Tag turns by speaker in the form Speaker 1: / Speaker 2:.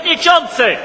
Speaker 1: przewodniczący!